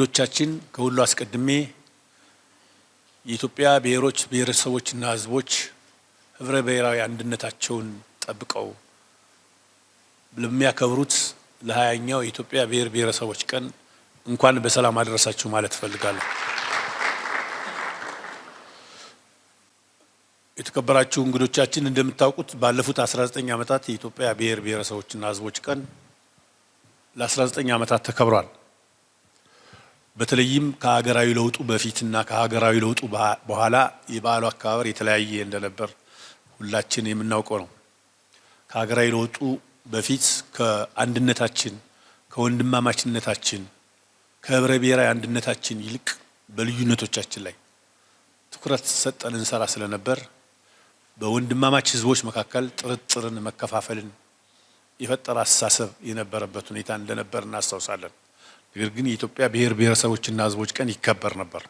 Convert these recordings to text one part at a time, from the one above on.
እንግዶቻችን ከሁሉ አስቀድሜ የኢትዮጵያ ብሔሮች ብሔረሰቦችና ህዝቦች ህብረ ብሔራዊ አንድነታቸውን ጠብቀው ለሚያከብሩት ለሀያኛው የኢትዮጵያ ብሔር ብሔረሰቦች ቀን እንኳን በሰላም አደረሳችሁ ማለት እፈልጋለሁ። የተከበራችሁ እንግዶቻችን እንደምታውቁት ባለፉት 19 ዓመታት የኢትዮጵያ ብሔር ብሔረሰቦችና ህዝቦች ቀን ለ19 ዓመታት ተከብሯል። በተለይም ከሀገራዊ ለውጡ በፊትና ከሀገራዊ ለውጡ በኋላ የበዓሉ አከባበር የተለያየ እንደነበር ሁላችን የምናውቀው ነው። ከሀገራዊ ለውጡ በፊት ከአንድነታችን፣ ከወንድማማችነታችን፣ ከህብረ ብሔራዊ አንድነታችን ይልቅ በልዩነቶቻችን ላይ ትኩረት ሰጠን እንሰራ ስለነበር በወንድማማች ህዝቦች መካከል ጥርጥርን፣ መከፋፈልን የፈጠረ አስተሳሰብ የነበረበት ሁኔታ እንደነበር እናስታውሳለን። ነገር ግን የኢትዮጵያ ብሔር ብሔረሰቦችና ህዝቦች ቀን ይከበር ነበር።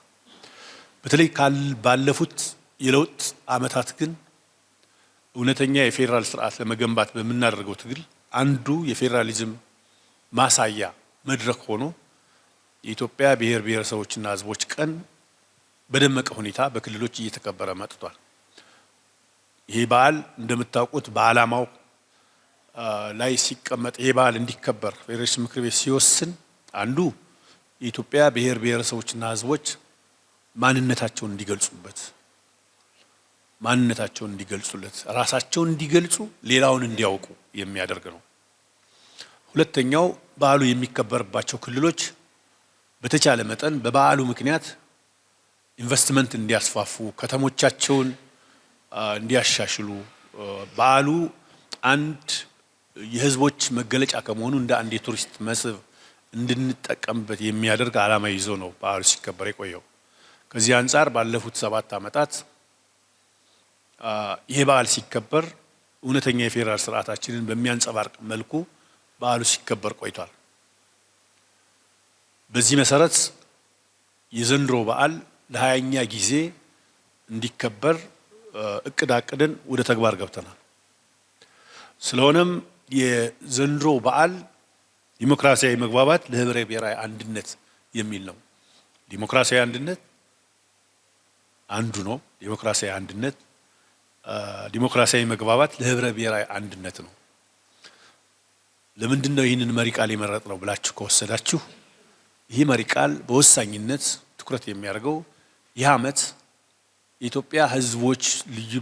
በተለይ ባለፉት የለውጥ አመታት ግን እውነተኛ የፌዴራል ስርዓት ለመገንባት በምናደርገው ትግል አንዱ የፌዴራሊዝም ማሳያ መድረክ ሆኖ የኢትዮጵያ ብሔር ብሔረሰቦችና ህዝቦች ቀን በደመቀ ሁኔታ በክልሎች እየተከበረ መጥቷል። ይሄ በዓል እንደምታውቁት በዓላማው ላይ ሲቀመጥ ይሄ በዓል እንዲከበር ፌዴሬሽን ምክር ቤት ሲወስን አንዱ የኢትዮጵያ ብሔር ብሔረሰቦችና ህዝቦች ማንነታቸውን እንዲገልጹበት ማንነታቸውን እንዲገልጹለት ራሳቸውን እንዲገልጹ ሌላውን እንዲያውቁ የሚያደርግ ነው። ሁለተኛው በዓሉ የሚከበርባቸው ክልሎች በተቻለ መጠን በበዓሉ ምክንያት ኢንቨስትመንት እንዲያስፋፉ፣ ከተሞቻቸውን እንዲያሻሽሉ በዓሉ አንድ የህዝቦች መገለጫ ከመሆኑ እንደ አንድ የቱሪስት መስህብ እንድንጠቀምበት የሚያደርግ ዓላማ ይዞ ነው በዓሉ ሲከበር የቆየው። ከዚህ አንጻር ባለፉት ሰባት ዓመታት ይህ በዓል ሲከበር እውነተኛ የፌዴራል ስርዓታችንን በሚያንጸባርቅ መልኩ በዓሉ ሲከበር ቆይቷል። በዚህ መሰረት የዘንድሮ በዓል ለሀያኛ ጊዜ እንዲከበር እቅድ አቅደን ወደ ተግባር ገብተናል። ስለሆነም የዘንድሮ በዓል ዲሞክራሲያዊ መግባባት ለህብረ ብሔራዊ አንድነት የሚል ነው። ዲሞክራሲያዊ አንድነት አንዱ ነው። ዲሞክራሲያዊ አንድነት ዲሞክራሲያዊ መግባባት ለህብረ ብሔራዊ አንድነት ነው። ለምንድን ነው ይህንን መሪ ቃል የመረጥ ነው ብላችሁ ከወሰዳችሁ ይህ መሪ ቃል በወሳኝነት ትኩረት የሚያደርገው ይህ ዓመት የኢትዮጵያ ህዝቦች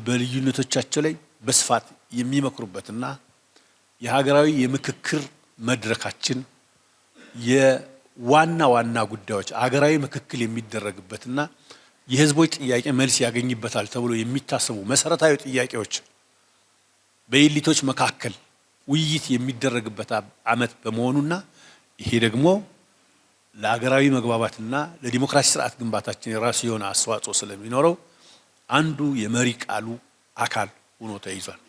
በልዩነቶቻቸው ላይ በስፋት የሚመክሩበትና የሀገራዊ የምክክር መድረካችን የዋና ዋና ጉዳዮች አገራዊ ምክክል የሚደረግበትና የህዝቦች ጥያቄ መልስ ያገኝበታል ተብሎ የሚታሰቡ መሰረታዊ ጥያቄዎች በኤሊቶች መካከል ውይይት የሚደረግበት አመት በመሆኑና ይሄ ደግሞ ለሀገራዊ መግባባትና ለዲሞክራሲ ስርዓት ግንባታችን የራሱ የሆነ አስተዋጽኦ ስለሚኖረው አንዱ የመሪ ቃሉ አካል ሆኖ ተይዟል።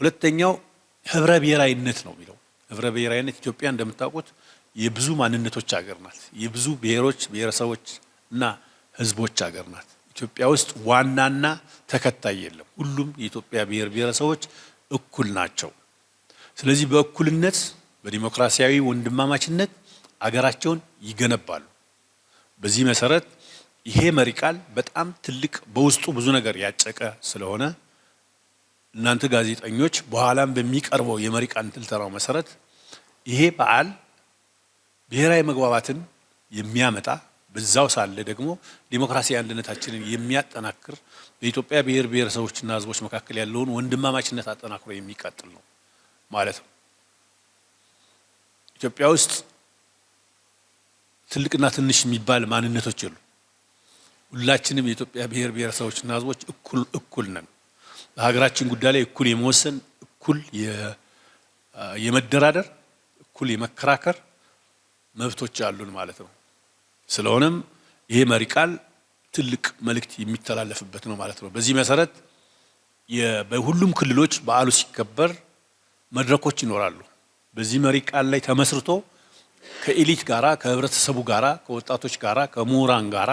ሁለተኛው ህብረ ብሔራዊነት ነው የሚለው ህብረ ብሔራዊነት ኢትዮጵያ እንደምታውቁት የብዙ ማንነቶች ሀገር ናት። የብዙ ብሔሮች ብሔረሰቦች እና ህዝቦች ሀገር ናት። ኢትዮጵያ ውስጥ ዋናና ተከታይ የለም። ሁሉም የኢትዮጵያ ብሔር ብሔረሰቦች እኩል ናቸው። ስለዚህ በእኩልነት በዲሞክራሲያዊ ወንድማማችነት አገራቸውን ይገነባሉ። በዚህ መሰረት ይሄ መሪ ቃል በጣም ትልቅ በውስጡ ብዙ ነገር ያጨቀ ስለሆነ እናንተ ጋዜጠኞች በኋላም በሚቀርበው የመሪ ቃል ትልተራው መሰረት ይሄ በዓል ብሔራዊ መግባባትን የሚያመጣ በዛው ሳለ ደግሞ ዲሞክራሲያዊ አንድነታችንን የሚያጠናክር በኢትዮጵያ ብሔር ብሔረሰቦችና ሕዝቦች መካከል ያለውን ወንድማማችነት አጠናክሮ የሚቀጥል ነው ማለት ነው። ኢትዮጵያ ውስጥ ትልቅና ትንሽ የሚባል ማንነቶች የሉ። ሁላችንም የኢትዮጵያ ብሔር ብሔረሰቦችና ሕዝቦች እኩል እኩል ነን። በሀገራችን ጉዳይ ላይ እኩል የመወሰን እኩል የመደራደር እኩል የመከራከር መብቶች አሉን ማለት ነው። ስለሆነም ይሄ መሪ ቃል ትልቅ መልእክት የሚተላለፍበት ነው ማለት ነው። በዚህ መሰረት በሁሉም ክልሎች በዓሉ ሲከበር መድረኮች ይኖራሉ። በዚህ መሪ ቃል ላይ ተመስርቶ ከኤሊት ጋራ፣ ከህብረተሰቡ ጋራ፣ ከወጣቶች ጋራ፣ ከምሁራን ጋራ፣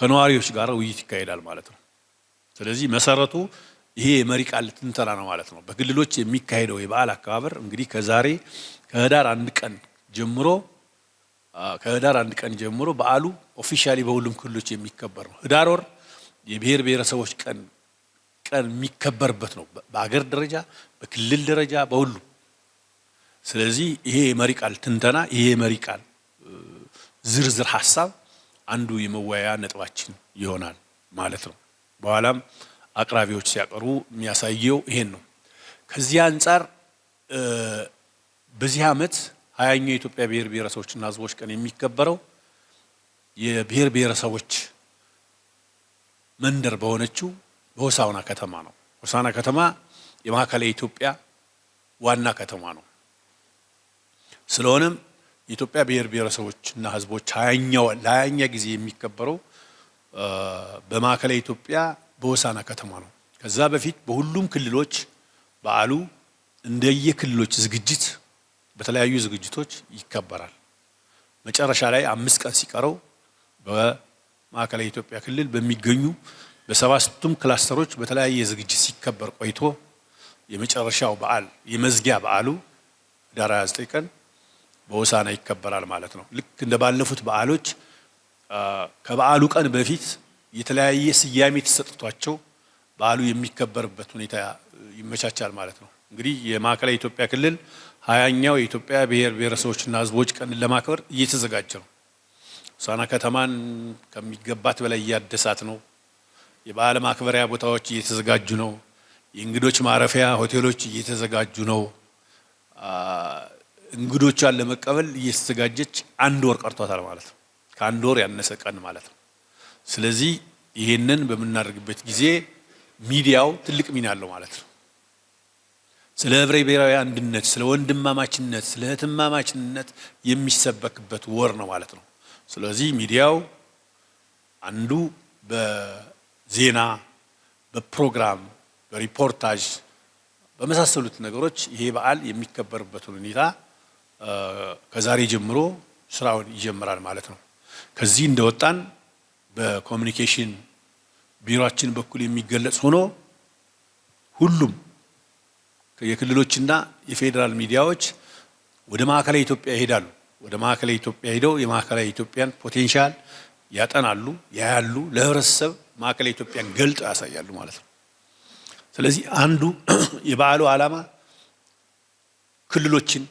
ከነዋሪዎች ጋራ ውይይት ይካሄዳል ማለት ነው። ስለዚህ መሰረቱ ይሄ የመሪ ቃል ትንተና ነው ማለት ነው። በክልሎች የሚካሄደው የበዓል አከባበር እንግዲህ ከዛሬ ከህዳር አንድ ቀን ጀምሮ ከህዳር አንድ ቀን ጀምሮ በዓሉ ኦፊሻሊ በሁሉም ክልሎች የሚከበር ነው። ህዳር ወር የብሔር ብሔረሰቦች ቀን ቀን የሚከበርበት ነው። በአገር ደረጃ፣ በክልል ደረጃ፣ በሁሉ ስለዚህ ይሄ የመሪ ቃል ትንተና ይሄ የመሪ ቃል ዝርዝር ሀሳብ አንዱ የመወያያ ነጥባችን ይሆናል ማለት ነው። በኋላም አቅራቢዎች ሲያቀርቡ የሚያሳየው ይሄን ነው። ከዚህ አንጻር በዚህ ዓመት ሀያኛው የኢትዮጵያ ብሔር ብሔረሰቦችና ሕዝቦች ቀን የሚከበረው የብሔር ብሔረሰቦች መንደር በሆነችው በሆሳውና ከተማ ነው። ሆሳና ከተማ የማዕከላዊ ኢትዮጵያ ዋና ከተማ ነው። ስለሆነም የኢትዮጵያ ብሔር ብሔረሰቦችና ሕዝቦች ለሀያኛ ጊዜ የሚከበረው በማዕከላዊ ኢትዮጵያ በወሳና ከተማ ነው። ከዛ በፊት በሁሉም ክልሎች በዓሉ እንደየክልሎች ዝግጅት በተለያዩ ዝግጅቶች ይከበራል። መጨረሻ ላይ አምስት ቀን ሲቀረው በማዕከላዊ ኢትዮጵያ ክልል በሚገኙ በሰባቱም ክላስተሮች በተለያየ ዝግጅት ሲከበር ቆይቶ የመጨረሻው በዓል የመዝጊያ በዓሉ ዳር 29 ቀን በወሳና ይከበራል ማለት ነው። ልክ እንደ ባለፉት በዓሎች ከበዓሉ ቀን በፊት የተለያየ ስያሜ ተሰጥቷቸው በዓሉ የሚከበርበት ሁኔታ ይመቻቻል ማለት ነው። እንግዲህ የማዕከላዊ ኢትዮጵያ ክልል ሀያኛው የኢትዮጵያ ብሔር ብሔረሰቦችና ሕዝቦች ቀን ለማክበር እየተዘጋጀ ነው። ሳና ከተማን ከሚገባት በላይ እያደሳት ነው። የበዓል ማክበሪያ ቦታዎች እየተዘጋጁ ነው። የእንግዶች ማረፊያ ሆቴሎች እየተዘጋጁ ነው። እንግዶቿን ለመቀበል እየተዘጋጀች አንድ ወር ቀርቷታል ማለት ነው። ከአንድ ወር ያነሰ ቀን ማለት ነው። ስለዚህ ይሄንን በምናደርግበት ጊዜ ሚዲያው ትልቅ ሚና አለው ማለት ነው። ስለ ህብረ ብሔራዊ አንድነት፣ ስለ ወንድማማችነት፣ ስለ እህትማማችነት የሚሰበክበት ወር ነው ማለት ነው። ስለዚህ ሚዲያው አንዱ በዜና በፕሮግራም በሪፖርታጅ በመሳሰሉት ነገሮች ይሄ በዓል የሚከበርበትን ሁኔታ ከዛሬ ጀምሮ ስራውን ይጀምራል ማለት ነው። ከዚህ እንደወጣን በኮሚኒኬሽን ቢሮችን በኩል የሚገለጽ ሆኖ ሁሉም የክልሎችና የፌዴራል ሚዲያዎች ወደ ማዕከላዊ ኢትዮጵያ ይሄዳሉ። ወደ ማዕከላዊ ኢትዮጵያ ሄደው የማዕከላዊ ኢትዮጵያን ፖቴንሻል ያጠናሉ፣ ያያሉ፣ ለህብረተሰብ ማዕከላዊ ኢትዮጵያን ገልጦ ያሳያሉ ማለት ነው። ስለዚህ አንዱ የበዓሉ ዓላማ ክልሎችን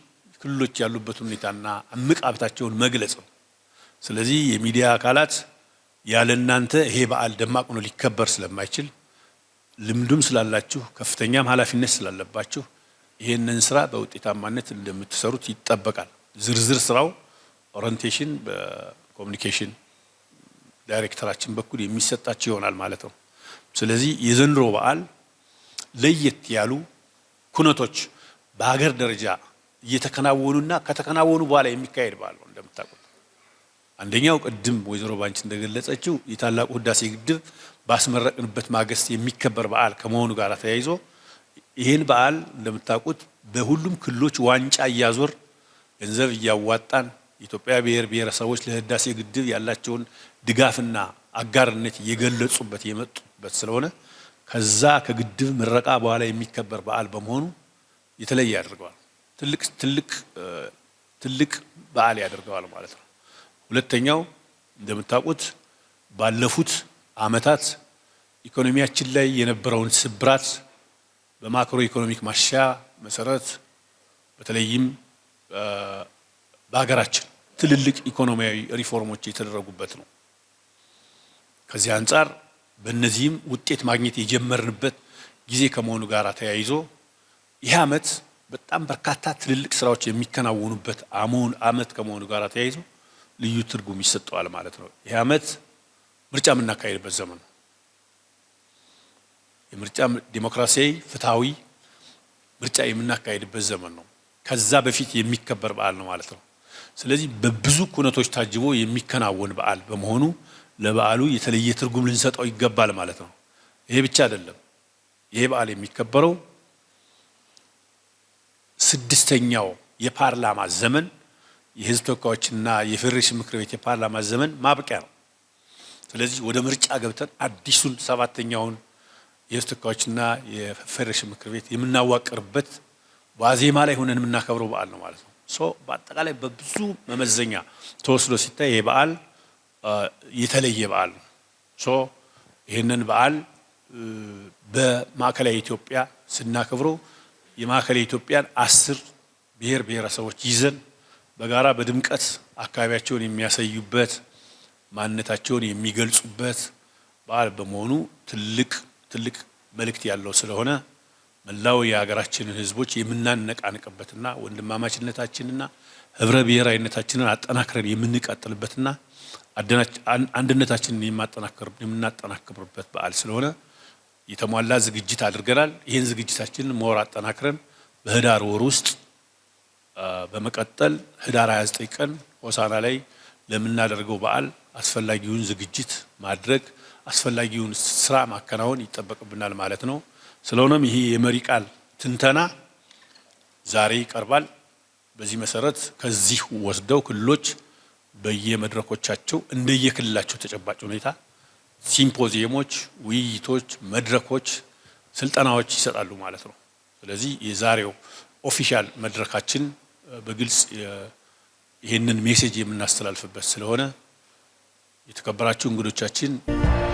ክልሎች ያሉበት ሁኔታና ሀብታቸውን መግለጽ ነው። ስለዚህ የሚዲያ አካላት ያለ እናንተ ይሄ በዓል ደማቅ ሆኖ ሊከበር ስለማይችል ልምዱም ስላላችሁ ከፍተኛም ኃላፊነት ስላለባችሁ ይህንን ስራ በውጤታማነት እንደምትሰሩት ይጠበቃል። ዝርዝር ስራው ኦሪንቴሽን በኮሚኒኬሽን ዳይሬክተራችን በኩል የሚሰጣቸው ይሆናል ማለት ነው። ስለዚህ የዘንድሮ በዓል ለየት ያሉ ኩነቶች በሀገር ደረጃ እየተከናወኑና ከተከናወኑ በኋላ የሚካሄድ በዓል ነው። አንደኛው ቅድም ወይዘሮ ባንች እንደገለጸችው የታላቁ ህዳሴ ግድብ ባስመረቅንበት ማግስት የሚከበር በዓል ከመሆኑ ጋር ተያይዞ ይህን በዓል እንደምታውቁት በሁሉም ክልሎች ዋንጫ እያዞር ገንዘብ እያዋጣን የኢትዮጵያ ብሔር ብሔረሰቦች ለህዳሴ ግድብ ያላቸውን ድጋፍና አጋርነት እየገለጹበት የመጡበት ስለሆነ ከዛ ከግድብ ምረቃ በኋላ የሚከበር በዓል በመሆኑ የተለየ ያደርገዋል። ትልቅ ትልቅ በዓል ያደርገዋል ማለት ነው። ሁለተኛው እንደምታውቁት ባለፉት አመታት ኢኮኖሚያችን ላይ የነበረውን ስብራት በማክሮ ኢኮኖሚክ ማሻ መሰረት በተለይም በሀገራችን ትልልቅ ኢኮኖሚያዊ ሪፎርሞች የተደረጉበት ነው። ከዚህ አንጻር በእነዚህም ውጤት ማግኘት የጀመርንበት ጊዜ ከመሆኑ ጋር ተያይዞ ይህ ዓመት በጣም በርካታ ትልልቅ ስራዎች የሚከናወኑበት አመት ከመሆኑ ጋር ተያይዞ ልዩ ትርጉም ይሰጠዋል ማለት ነው። ይህ ዓመት ምርጫ የምናካሄድበት ዘመን ነው። የምርጫ ዲሞክራሲያዊ፣ ፍትሐዊ ምርጫ የምናካሄድበት ዘመን ነው። ከዛ በፊት የሚከበር በዓል ነው ማለት ነው። ስለዚህ በብዙ ኩነቶች ታጅቦ የሚከናወን በዓል በመሆኑ ለበዓሉ የተለየ ትርጉም ልንሰጠው ይገባል ማለት ነው። ይሄ ብቻ አይደለም። ይሄ በዓል የሚከበረው ስድስተኛው የፓርላማ ዘመን የህዝብ ተወካዮችና የፌዴሬሽን ምክር ቤት የፓርላማ ዘመን ማብቂያ ነው። ስለዚህ ወደ ምርጫ ገብተን አዲሱን ሰባተኛውን የህዝብ ተወካዮችና የፌዴሬሽን ምክር ቤት የምናዋቅርበት ዋዜማ ላይ ሆነን የምናከብረው በዓል ነው ማለት ነው። ሶ በአጠቃላይ በብዙ መመዘኛ ተወስዶ ሲታይ ይሄ በዓል የተለየ በዓል ነው። ሶ ይህንን በዓል በማዕከላዊ ኢትዮጵያ ስናከብረው የማዕከላዊ ኢትዮጵያን አስር ብሔር ብሔረሰቦች ይዘን በጋራ በድምቀት አካባቢያቸውን የሚያሳዩበት ማንነታቸውን የሚገልጹበት በዓል በመሆኑ ትልቅ ትልቅ መልእክት ያለው ስለሆነ መላው የሀገራችንን ህዝቦች የምናነቃንቅበትና ወንድማማችነታችንና ህብረ ብሔራዊነታችንን አጠናክረን የምንቀጥልበትና አንድነታችንን የምናጠናክርበት በዓል ስለሆነ የተሟላ ዝግጅት አድርገናል። ይህን ዝግጅታችንን መወር አጠናክረን በህዳር ወር ውስጥ በመቀጠል ህዳር 29 ቀን ሆሳና ላይ ለምናደርገው በዓል አስፈላጊውን ዝግጅት ማድረግ አስፈላጊውን ስራ ማከናወን ይጠበቅብናል ማለት ነው። ስለሆነም ይሄ የመሪ ቃል ትንተና ዛሬ ይቀርባል። በዚህ መሰረት ከዚህ ወስደው ክልሎች በየመድረኮቻቸው እንደየክልላቸው ተጨባጭ ሁኔታ ሲምፖዚየሞች፣ ውይይቶች፣ መድረኮች፣ ስልጠናዎች ይሰጣሉ ማለት ነው። ስለዚህ የዛሬው ኦፊሻል መድረካችን በግልጽ ይህንን ሜሴጅ የምናስተላልፍበት ስለሆነ የተከበራችሁ እንግዶቻችን